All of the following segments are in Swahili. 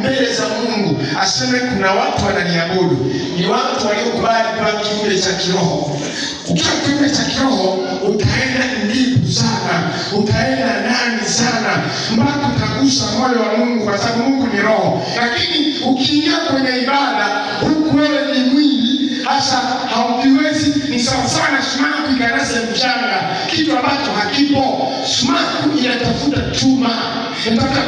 mbele za Mungu aseme kuna watu wananiabudu, ni watu waliokubali kwa kiumbe cha kiroho. Ukiwa kiumbe cha kiroho utaenda ndipo sana, utaenda ndani sana, mpaka utagusa moyo wa Mungu, kwa sababu Mungu ni roho. Lakini ukiingia kwenye ibada huku wewe ni mwili hasa, haukiwezi. Ni sawa sana sumaku ikarase mchanga, kitu ambacho hakipo. Sumaku inatafuta chuma mpaka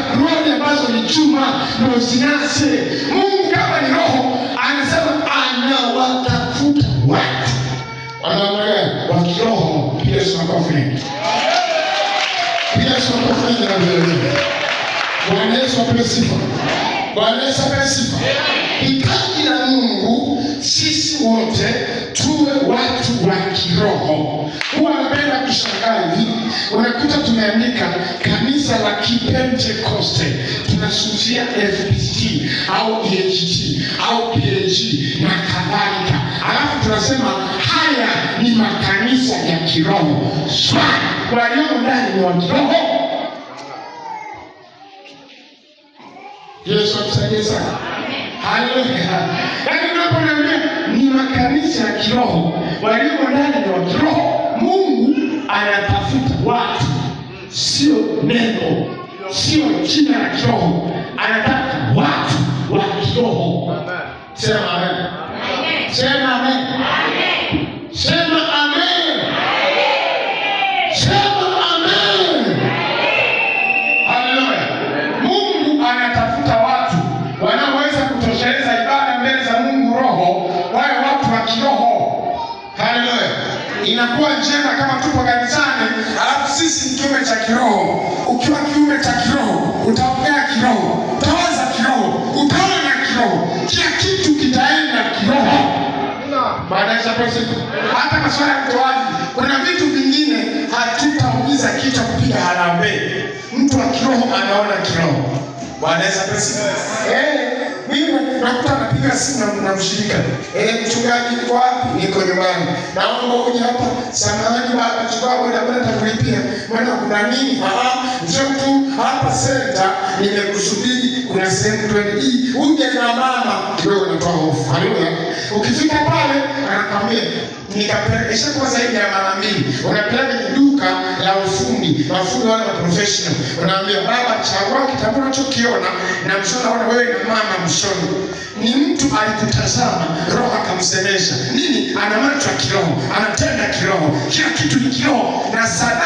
makelele. Bila shaka fulani inaeleweka. Bwana Yesu apewe sifa. Bwana Yesu apewe sifa. Hitaji la Mungu sisi wote tuwe watu wa kiroho. Huwa napenda kushangazi, unakuta tumeandika kanisa la Kipentekoste, tunasusia FPT au PHT e au PhD na kadhalika, alafu tunasema haya ni makanisa ya kiroho. Swali, waliomo ndani ni wakiroho Yesu atusaidie sana. Haleluya. Yaani unaponiambia ni makanisa ya kiroho, waliomo ndani ni wakiroho Mungu anatafuta watu sio neno, sio jina la kiroho. Anataka watu wa kiroho. Sema amen, sema amen, sema amen, sema amen. Haleluya! Mungu anatafuta watu wanaoweza kutosheleza ibada mbele za Mungu roho, wawe watu wa kiroho. Haleluya! Inakuwa njema kama tupo kanisa sisi ni kiume cha kiroho. Ukiwa kiume cha kiroho, utaongea kiroho, utawaza kiroho, utaona kiroho, kila kitu kitaenda kiroho. Baada ya hata masuala ya utoaji, kuna vitu vingine hatutaumiza kichwa kupiga harambee. Mtu wa kiroho anaona kiroho. Bwana Yesu asifiwe. Biblia nakuta anapiga simu na mshirika. Eh, mchungaji uko wapi? Niko nyumbani. Naomba uje hapa. Samahani baba, chukua boda boda takulipia. Maana kuna nini? Ah, mzee hapa senta nimekusubiri, kuna sehemu twende hii, uje na mama kidogo, natoa hofu. Haleluya! Ukifika pale anakwambia nikapelekesha kwa zaidi ya mara mbili, unapeleka ni duka la ufundi, mafundi wale wa professional, unaambia baba, chagua kitabu unachokiona na mshono, ona wewe na mama mshono ni mtu alikutazama, roho akamsemesha nini, ana macho ya kiroho, anatenda kiroho, kila kitu ni kiroho na sana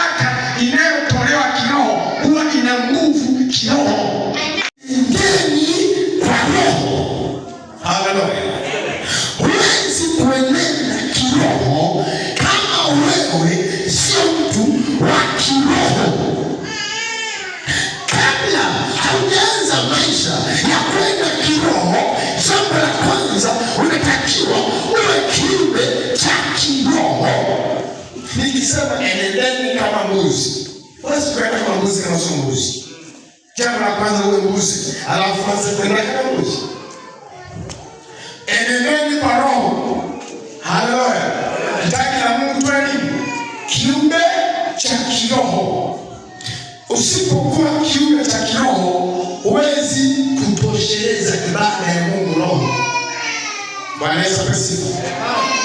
ukisema enendeni kama mbuzi, huwezi kwenda kama mbuzi kama sio mbuzi. Jambo la kwanza uwe mbuzi, alafu kwanza kwenda kama mbuzi. Enendeni kwa roho, haleluya, ndani ya Mungu tweni kiumbe cha kiroho. Usipokuwa kiumbe cha kiroho, huwezi kutosheleza ibada ya Mungu roho. Bwana Yesu asifiwe.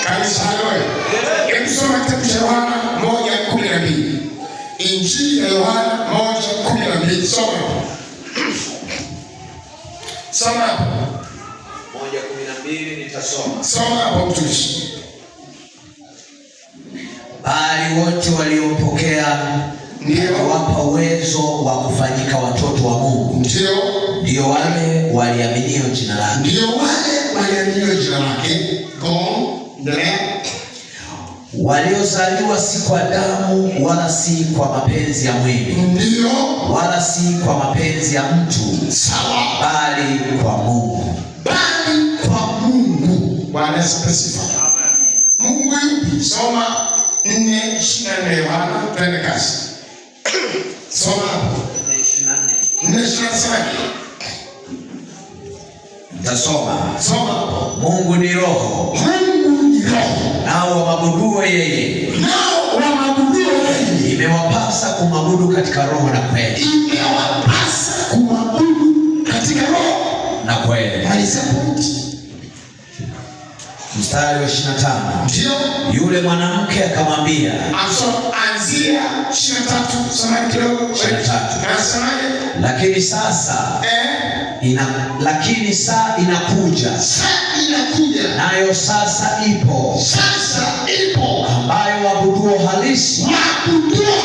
Kanisa, haleluya. Hebu soma kitabu cha Yohana Injili ya Yohana moja kumi na mbili. Soma hapo, soma hapo moja kumi na mbili. Nitasoma, soma hapo mtumishi. Bali wote waliompokea wapa uwezo wa kufanyika watoto wa Mungu, ndio ndio wale waliaminio jina lake, ndio wale waliaminio jina lake waliozaliwa si kwa damu wala si kwa mapenzi ya mwili, ndio, wala si kwa mapenzi ya mtu, sawa, bali kwa Mungu, bali kwa Mungu. Bwana asifiwe Mungu yupi? Soma 4:24 Yohana, twende kasi. Soma 4:24. Tasoma. Soma. Mungu ni roho. Mungu ni roho nao yeye, nao yeye, imewapasa kumwabudu katika roho na kweli, katika roho na kweli mstari wa 25. Ndio. Yule mwanamke akamwambia, aso anzia 23, samahani kidogo 23. Lakini sasa eh, ina lakini saa inakuja, saa inakuja, nayo sasa ipo, sasa ipo, ambayo wabuduo halisi, wabuduo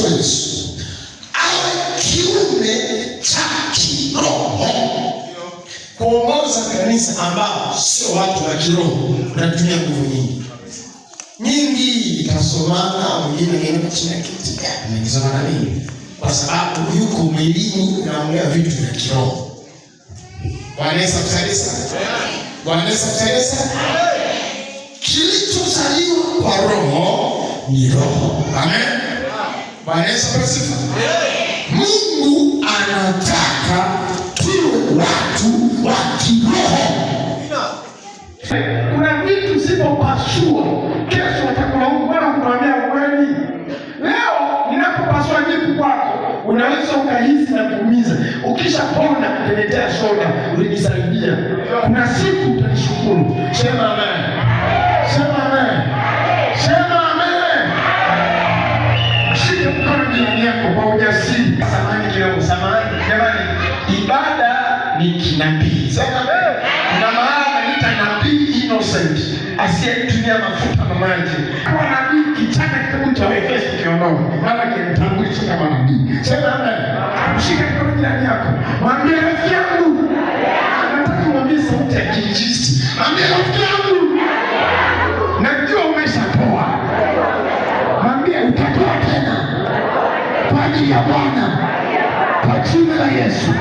difference awe kiume cha kiroho kuongoza kanisa ambao sio watu wa kiroho unatumia nguvu nyingi nyingi itasomana wengine wengine chini ya kiti amekisomana eh, nini kwa sababu yuko mwilini naongea vitu vya kiroho bwana yesu akusalisa bwana yesu akusalisa kilichozaliwa kwa roho ni roho amen Bwana Mungu anataka tuwe watu wa kiroho. Kuna vitu usipopasua, kesho watakulaumu. Bwana kweli. Leo ninapopasua jipu kwako, unaweza ukahisi na kuumiza. Ukishapona, niletea soda, Kuna siku utanishukuru. Sema asiyetumia mafuta na maji. Kwa nabii kichaka kitabu cha Efeso kiondoa, maana kinatanguliza kama nabii. Sema amen. Mshike mkono jirani yako, mwambie rafiki yangu, nataka kumwambia sauti ya kijiji, mwambie rafiki yangu, najua umeshatoa, mwambie utatoa tena kwa ajili ya Bwana, kwa jina la Yesu.